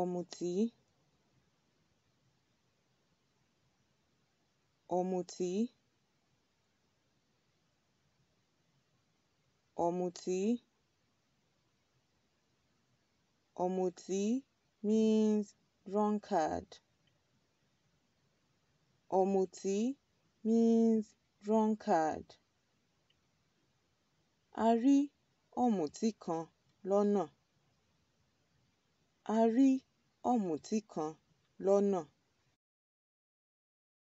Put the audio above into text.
ọ̀mùtí ọ̀mùtí ọ̀mùtí ọ̀mùtí means drunkard ọ̀mùtí means drunkard a rí ọ̀mùtí kan lọ́nà a rí ọ̀mùtí kan lọ́nà